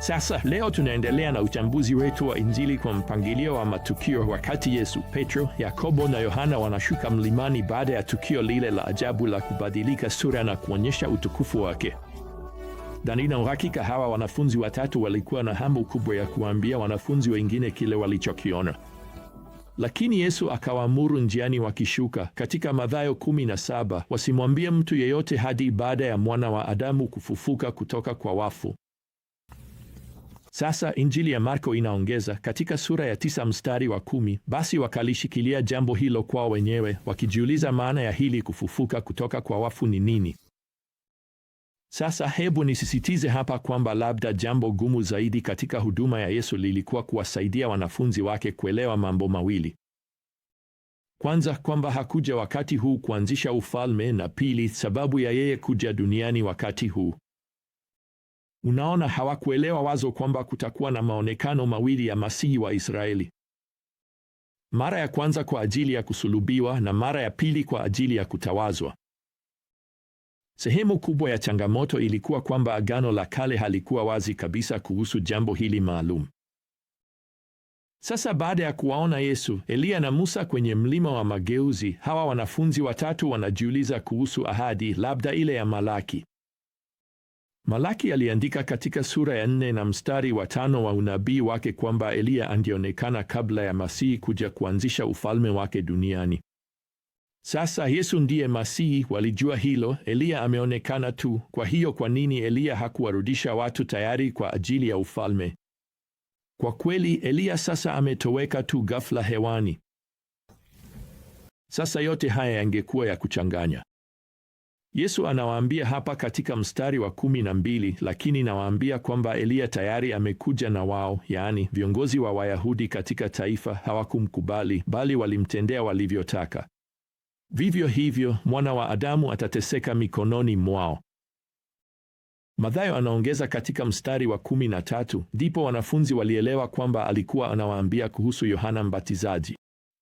Sasa leo tunaendelea na uchambuzi wetu wa Injili kwa mpangilio wa matukio, wakati Yesu, Petro, Yakobo na Yohana wanashuka mlimani baada ya tukio lile la ajabu la kubadilika sura na kuonyesha utukufu wake. Nina uhakika hawa wanafunzi watatu walikuwa na hamu kubwa ya kuambia wanafunzi wengine kile walichokiona, lakini Yesu akawaamuru njiani wakishuka, katika Mathayo 17, wasimwambie mtu yeyote hadi baada ya mwana wa Adamu kufufuka kutoka kwa wafu. Sasa Injili ya Marko inaongeza katika sura ya tisa mstari wa kumi, basi wakalishikilia jambo hilo kwao wenyewe wakijiuliza maana ya hili kufufuka kutoka kwa wafu ni nini. Sasa hebu nisisitize hapa kwamba labda jambo gumu zaidi katika huduma ya Yesu lilikuwa kuwasaidia wanafunzi wake kuelewa mambo mawili. Kwanza, kwamba hakuja wakati huu kuanzisha ufalme, na pili, sababu ya yeye kuja duniani wakati huu Unaona, hawakuelewa wazo kwamba kutakuwa na maonekano mawili ya masihi wa Israeli, mara ya kwanza kwa ajili ya kusulubiwa na mara ya pili kwa ajili ya kutawazwa. Sehemu kubwa ya changamoto ilikuwa kwamba Agano la Kale halikuwa wazi kabisa kuhusu jambo hili maalum. Sasa baada ya kuwaona Yesu, Eliya na Musa kwenye mlima wa mageuzi, hawa wanafunzi watatu wanajiuliza kuhusu ahadi, labda ile ya Malaki. Malaki aliandika katika sura ya nne na mstari wa tano wa unabii wake kwamba Eliya angeonekana kabla ya Masihi kuja kuanzisha ufalme wake duniani. Sasa Yesu ndiye Masihi, walijua hilo. Eliya ameonekana tu. Kwa hiyo kwa nini Eliya hakuwarudisha watu tayari kwa ajili ya ufalme? Kwa kweli Eliya sasa ametoweka tu ghafla hewani. Sasa yote haya yangekuwa ya kuchanganya. Yesu anawaambia hapa katika mstari wa kumi na mbili, lakini nawaambia kwamba Eliya tayari amekuja, na wao yaani viongozi wa Wayahudi katika taifa hawakumkubali, bali walimtendea walivyotaka. Vivyo hivyo mwana wa Adamu atateseka mikononi mwao. Mathayo anaongeza katika mstari wa kumi na tatu, ndipo wanafunzi walielewa kwamba alikuwa anawaambia kuhusu Yohana Mbatizaji.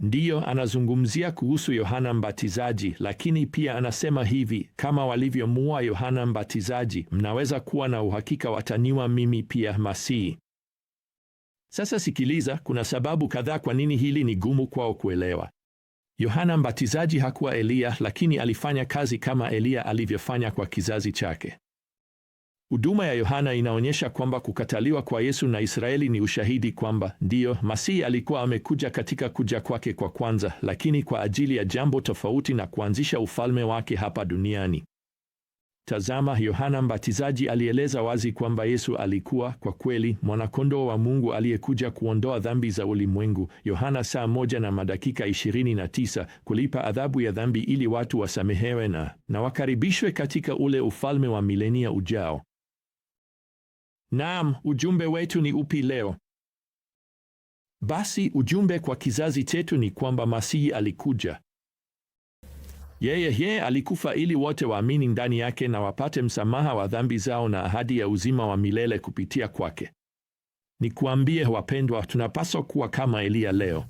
Ndiyo, anazungumzia kuhusu Yohana Mbatizaji, lakini pia anasema hivi, kama walivyomuua Yohana Mbatizaji, mnaweza kuwa na uhakika wataniua mimi pia, Masihi. Sasa sikiliza, kuna sababu kadhaa kwa nini hili ni gumu kwao kuelewa. Yohana Mbatizaji hakuwa Eliya, lakini alifanya kazi kama Eliya alivyofanya kwa kizazi chake. Huduma ya Yohana inaonyesha kwamba kukataliwa kwa Yesu na Israeli ni ushahidi kwamba ndiyo, Masihi alikuwa amekuja katika kuja kwake kwa kwanza, lakini kwa ajili ya jambo tofauti na kuanzisha ufalme wake hapa duniani. Tazama, Yohana Mbatizaji alieleza wazi kwamba Yesu alikuwa kwa kweli mwanakondoo wa Mungu aliyekuja kuondoa dhambi za ulimwengu, Yohana saa moja na madakika 29, kulipa adhabu ya dhambi ili watu wasamehewe na na wakaribishwe katika ule ufalme wa milenia ujao. Naam, ujumbe wetu ni upi leo? Basi ujumbe kwa kizazi chetu ni kwamba Masihi alikuja. Yeye yeye alikufa ili wote waamini ndani yake na wapate msamaha wa dhambi zao na ahadi ya uzima wa milele kupitia kwake. Nikuambie wapendwa, tunapaswa kuwa kama Eliya leo.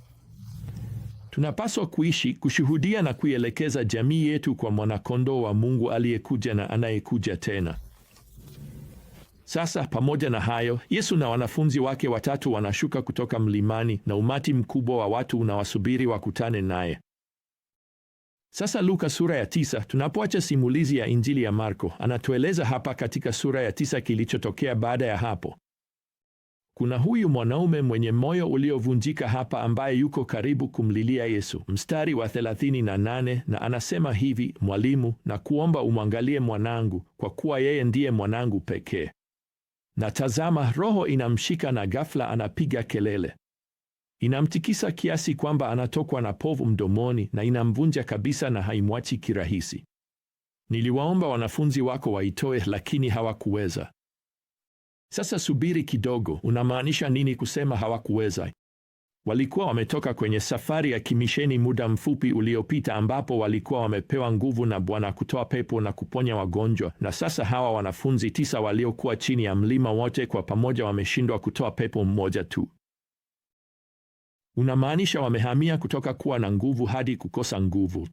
Tunapaswa kuishi, kushuhudia na kuielekeza jamii yetu kwa mwanakondoo wa Mungu aliyekuja na anayekuja tena. Sasa pamoja na hayo, Yesu na wanafunzi wake watatu wanashuka kutoka mlimani na umati mkubwa wa watu unawasubiri wakutane naye. Sasa Luka sura ya tisa, tunapoacha simulizi ya Injili ya Marko, anatueleza hapa katika sura ya tisa kilichotokea baada ya hapo. Kuna huyu mwanaume mwenye moyo uliovunjika hapa ambaye yuko karibu kumlilia Yesu. Mstari wa 38 na anasema hivi, Mwalimu, na kuomba umwangalie mwanangu, kwa kuwa yeye ndiye mwanangu pekee na tazama, roho inamshika na ghafla anapiga kelele, inamtikisa kiasi kwamba anatokwa na povu mdomoni na inamvunja kabisa na haimwachi kirahisi. Niliwaomba wanafunzi wako waitoe, lakini hawakuweza. Sasa subiri kidogo, unamaanisha nini kusema hawakuweza? Walikuwa wametoka kwenye safari ya kimisheni muda mfupi uliopita ambapo walikuwa wamepewa nguvu na Bwana kutoa pepo na kuponya wagonjwa, na sasa hawa wanafunzi tisa waliokuwa chini ya mlima wote kwa pamoja wameshindwa kutoa pepo mmoja tu. Unamaanisha wamehamia kutoka kuwa na nguvu hadi kukosa nguvu.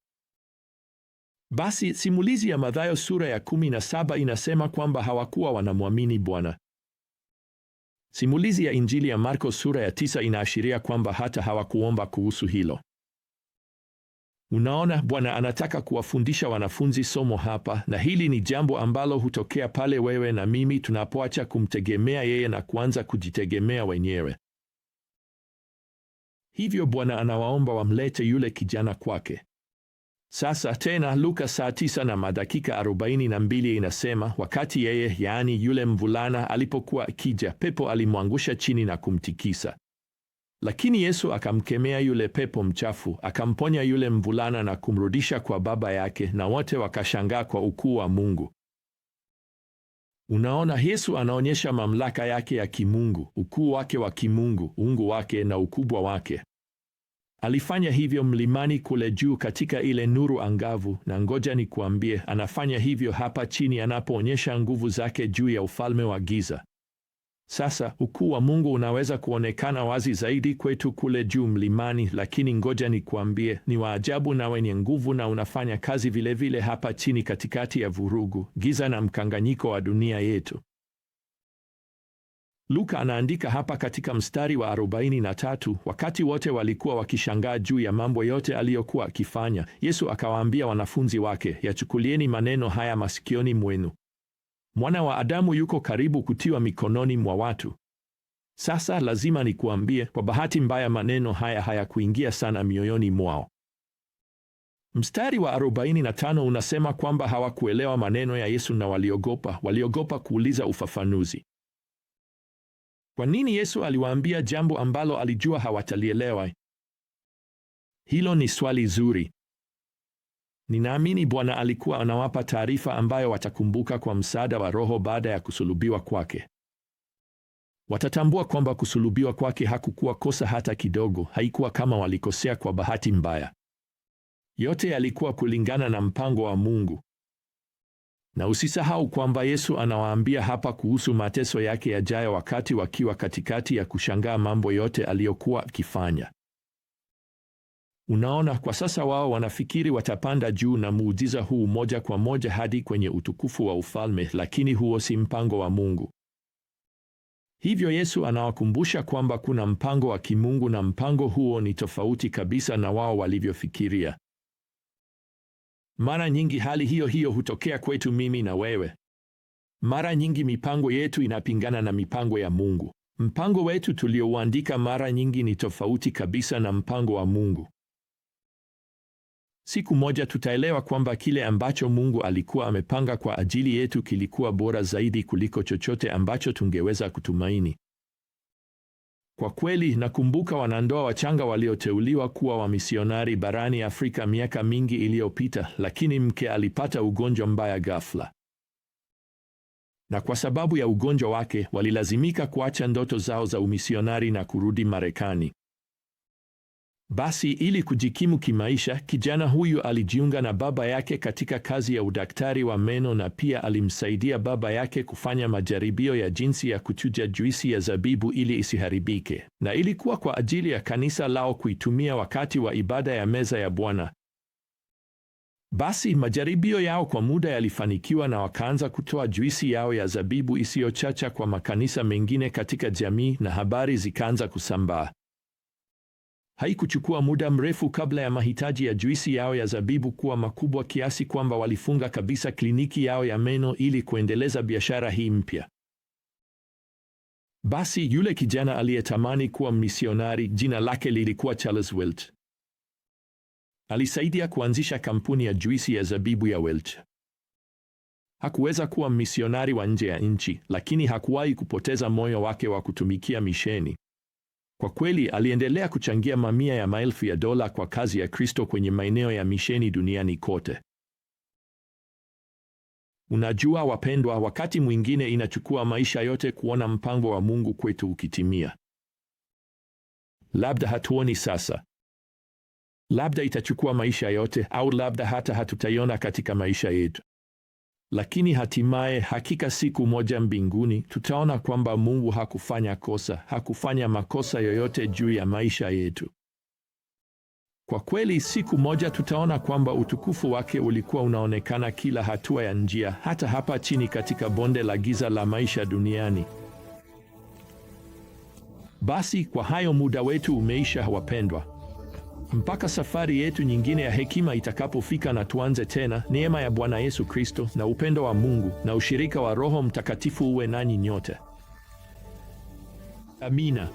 Basi simulizi ya Mathayo sura ya 17 inasema kwamba hawakuwa wanamwamini Bwana Simulizi ya Injili ya Marko sura ya tisa inaashiria kwamba hata hawakuomba kuhusu hilo. Unaona, Bwana anataka kuwafundisha wanafunzi somo hapa, na hili ni jambo ambalo hutokea pale wewe na mimi tunapoacha kumtegemea yeye na kuanza kujitegemea wenyewe. Hivyo Bwana anawaomba wamlete yule kijana kwake. Sasa tena Luka saa tisa na madakika arobaini na mbili inasema wakati yeye, yaani yule mvulana, alipokuwa akija, pepo alimwangusha chini na kumtikisa. Lakini Yesu akamkemea yule pepo mchafu, akamponya yule mvulana na kumrudisha kwa baba yake, na wote wakashangaa kwa ukuu wa Mungu. Unaona, Yesu anaonyesha mamlaka yake ya kimungu, ukuu wake wa kimungu, uungu wake na ukubwa wake. Alifanya hivyo mlimani kule juu katika ile nuru angavu, na ngoja ni kuambie anafanya hivyo hapa chini anapoonyesha nguvu zake juu ya ufalme wa giza. Sasa ukuu wa Mungu unaweza kuonekana wazi zaidi kwetu kule juu mlimani, lakini ngoja ni kuambie ni wa ajabu na wenye nguvu, na unafanya kazi vilevile vile hapa chini katikati ya vurugu, giza na mkanganyiko wa dunia yetu. Luka anaandika hapa katika mstari wa 43, wakati wote walikuwa wakishangaa juu ya mambo yote aliyokuwa akifanya, Yesu akawaambia wanafunzi wake, yachukulieni maneno haya masikioni mwenu, mwana wa Adamu yuko karibu kutiwa mikononi mwa watu. Sasa lazima nikuambie, kwa bahati mbaya, maneno haya hayakuingia sana mioyoni mwao. Mstari wa 45 unasema kwamba hawakuelewa maneno ya Yesu na waliogopa, waliogopa kuuliza ufafanuzi. Kwa nini Yesu aliwaambia jambo ambalo alijua hawatalielewa? Hilo ni swali zuri. Ninaamini Bwana alikuwa anawapa taarifa ambayo watakumbuka kwa msaada wa Roho baada ya kusulubiwa kwake. Watatambua kwamba kusulubiwa kwake hakukuwa kosa hata kidogo, haikuwa kama walikosea kwa bahati mbaya. Yote yalikuwa kulingana na mpango wa Mungu. Na usisahau kwamba Yesu anawaambia hapa kuhusu mateso yake yajayo wakati wakiwa katikati ya kushangaa mambo yote aliyokuwa akifanya. Unaona, kwa sasa wao wanafikiri watapanda juu na muujiza huu moja kwa moja hadi kwenye utukufu wa ufalme, lakini huo si mpango wa Mungu. Hivyo Yesu anawakumbusha kwamba kuna mpango wa kimungu na mpango huo ni tofauti kabisa na wao walivyofikiria. Mara nyingi hali hiyo hiyo hutokea kwetu mimi na wewe. Mara nyingi mipango yetu inapingana na mipango ya Mungu. Mpango wetu tuliouandika mara nyingi ni tofauti kabisa na mpango wa Mungu. Siku moja tutaelewa kwamba kile ambacho Mungu alikuwa amepanga kwa ajili yetu kilikuwa bora zaidi kuliko chochote ambacho tungeweza kutumaini. Kwa kweli nakumbuka wanandoa wachanga walioteuliwa kuwa wamisionari barani Afrika miaka mingi iliyopita, lakini mke alipata ugonjwa mbaya ghafla, na kwa sababu ya ugonjwa wake walilazimika kuacha ndoto zao za umisionari na kurudi Marekani. Basi ili kujikimu kimaisha, kijana huyu alijiunga na baba yake katika kazi ya udaktari wa meno na pia alimsaidia baba yake kufanya majaribio ya jinsi ya kuchuja juisi ya zabibu ili isiharibike, na ilikuwa kwa ajili ya kanisa lao kuitumia wakati wa ibada ya meza ya Bwana. Basi majaribio yao kwa muda yalifanikiwa na wakaanza kutoa juisi yao ya zabibu isiyochacha kwa makanisa mengine katika jamii na habari zikaanza kusambaa. Haikuchukua muda mrefu kabla ya mahitaji ya juisi yao ya zabibu kuwa makubwa kiasi kwamba walifunga kabisa kliniki yao ya meno ili kuendeleza biashara hii mpya. Basi yule kijana aliyetamani kuwa misionari, jina lake lilikuwa Charles Welch, alisaidia kuanzisha kampuni ya juisi ya zabibu ya Welch. Hakuweza kuwa misionari wa nje ya nchi, lakini hakuwahi kupoteza moyo wake wa kutumikia misheni. Kwa kweli aliendelea kuchangia mamia ya maelfu ya dola kwa kazi ya Kristo kwenye maeneo ya misheni duniani kote. Unajua wapendwa, wakati mwingine inachukua maisha yote kuona mpango wa Mungu kwetu ukitimia. Labda hatuoni sasa, labda itachukua maisha yote, au labda hata hatutaiona katika maisha yetu. Lakini hatimaye, hakika siku moja mbinguni tutaona kwamba Mungu hakufanya kosa, hakufanya makosa yoyote juu ya maisha yetu. Kwa kweli, siku moja tutaona kwamba utukufu wake ulikuwa unaonekana kila hatua ya njia, hata hapa chini katika bonde la giza la maisha duniani. Basi kwa hayo muda wetu umeisha, wapendwa mpaka safari yetu nyingine ya hekima itakapofika na tuanze tena. Neema ya Bwana Yesu Kristo na upendo wa Mungu na ushirika wa Roho Mtakatifu uwe nanyi nyote. Amina.